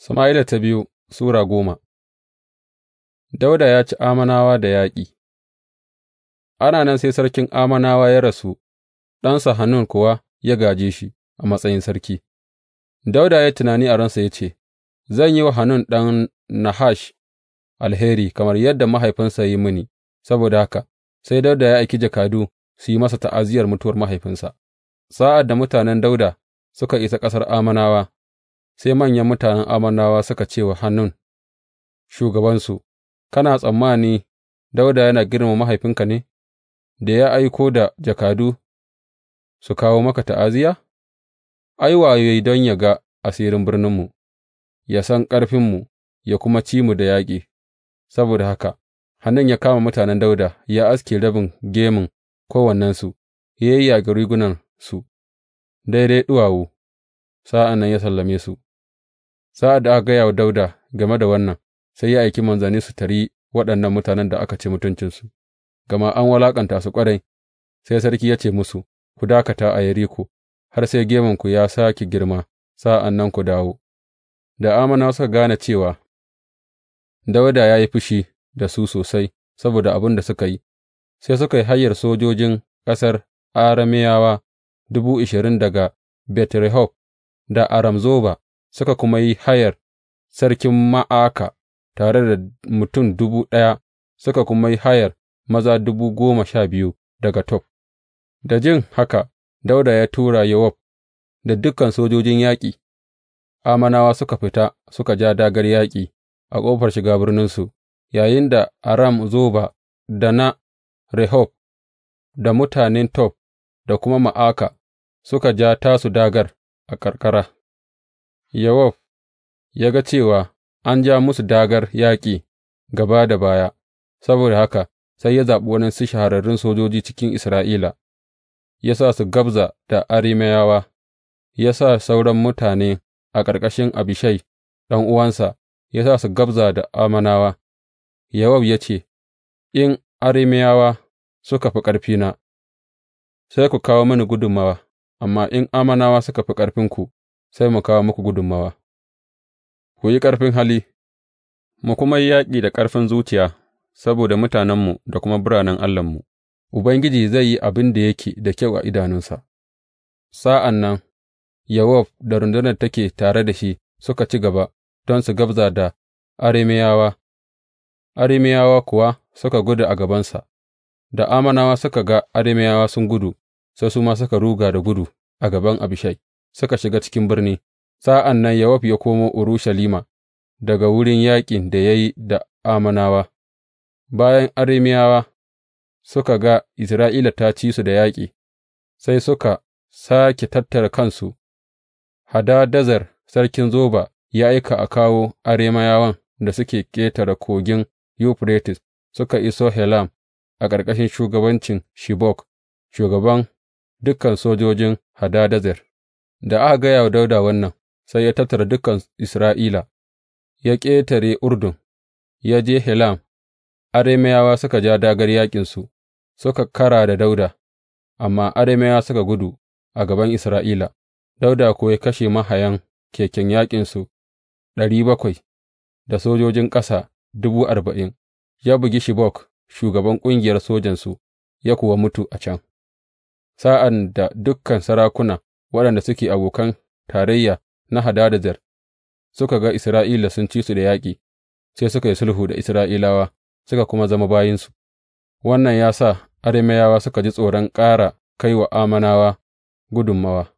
Sama'ila ta biyu Sura goma Dauda ya ci amanawa da yaƙi Ana nan sai sarkin amanawa ya rasu, ɗansa hannun kuwa ya gaje shi a matsayin sarki. Dauda ya tunani a ransa ya ce, Zan yi wa hannun ɗan Nahash alheri kamar yadda mahaifinsa ya yi mini, saboda haka sai Dauda ya aiki jakadu su yi masa ta'aziyar mutuwar mahaifinsa. Sa'ad da mutanen Dauda suka isa ƙasar amanawa. Sai manyan mutanen Ammonawa suka ce wa Hanun shugabansu, Kana tsammani Dauda yana girmama mahaifinka ne, da ya aiko da jakadu su kawo maka ta'aziyya? Ai, wayo don ya ga asirin birninmu, ya san ƙarfinmu, ya kuma ci mu da yaƙi, saboda haka Hanun ya kama mutanen Dauda ya aske rabin gemun kowannensu, ya yi rigunan rigunansu daidai ɗuwawu, sa'an nan ya sallame su. Sa'ad da aka gaya wa Dawuda game da wannan, sai ya aiki manzanni su taryi waɗannan mutanen da aka ci mutuncinsu, gama an walaƙanta su ƙwarai, sai sarki ya ce musu, Ku dakata a Yeriko har sai gemunku ya sāke girma, sa'an nan ku dawo. Da amana suka gane cewa Dawuda ya yi fushi da su sosai saboda abin da suka yi, sai suka yi hayar sojojin ƙasar Arameyawa dubu ashirin daga Bet da Aramzoba. suka kuma yi hayar sarkin Ma'aka tare da mutum dubu ɗaya, suka kuma yi hayar maza dubu goma sha biyu daga Tob. Da jin haka, dauda ya tura Yowab da dukan sojojin yaƙi, amanawa suka fita suka ja dagar yaƙi a ƙofar shiga birninsu, yayin da Aram Zoba da na Rehob da mutanen Tob da kuma Ma'aka suka ja tasu dagar a ƙarƙara. Yowab ya ga cewa an ja musu dagar yaƙi gaba da baya, saboda haka sai ya zaɓi waɗansu shahararrun sojoji cikin Isra'ila, ya sa su gabza da Arameyawa, ya sa sauran mutane a ƙarƙashin Abishai ɗan'uwansa, ya sa su gabza da amanawa. Yowab ya ce, In Arameyawa suka fi ƙarfina, sai ku kawo mini gudunmawa, amma in amanawa suka fi ƙarfinku, sai mu kawo muku gudummawa, ku yi ƙarfin hali, mu kuma yi yaƙi da ƙarfin zuciya saboda mutanenmu da kuma biranen Allahnmu, Ubangiji zai yi abin da yake da kyau a idanunsa. Sa'an nan, yawof da rundunar take tare da shi suka ci gaba don su gabza da Arameyawa, Arameyawa kuwa suka gudu a gabansa, da amanawa suka ga Arameyawa sun gudu, sai su ma suka ruga da gudu a gaban Abishai. suka shiga cikin birni, sa'an nan Yowab ya komo Urushalima daga wurin yaƙin da ya yi da Ammonawa, bayan Arameyawa suka ga Isra'ila ta ci su da yaƙi, sai suka sake tattara kansu, Hadadazar sarkin Zoba ya aika a kawo Arameyawan da suke ƙetare kogin euphrates suka iso Helam a ƙarƙashin shugabancin Shibok, shugaban dukan sojojin Hadadezer. Da aka gaya wa Dawuda wannan, sai ya tattara dukan Isra'ila, ya ƙetare Urdun, ya je Helam, Arameyawa suka ja dagar yaƙinsu, suka kara da Dawuda, amma Arameyawa suka gudu a gaban Isra'ila, Dawuda kuwa ya kashe mahayan keken yaƙinsu ɗari bakwai da sojojin ƙasa dubu arba'in, ya bugi Shibok, shugaban ƙungiyar sojansu, ya kuwa mutu a can, Sa'an da dukan sarakuna. waɗanda suke abokan tarayya na Hadadezer suka ga Isra'ila sun ci su da yaƙi, sai suka yi sulhu da Isra'ilawa suka kuma zama bayinsu. Wannan ya sa Arameyawa suka ji tsoron ƙara kai wa Ammonawa gudummawa.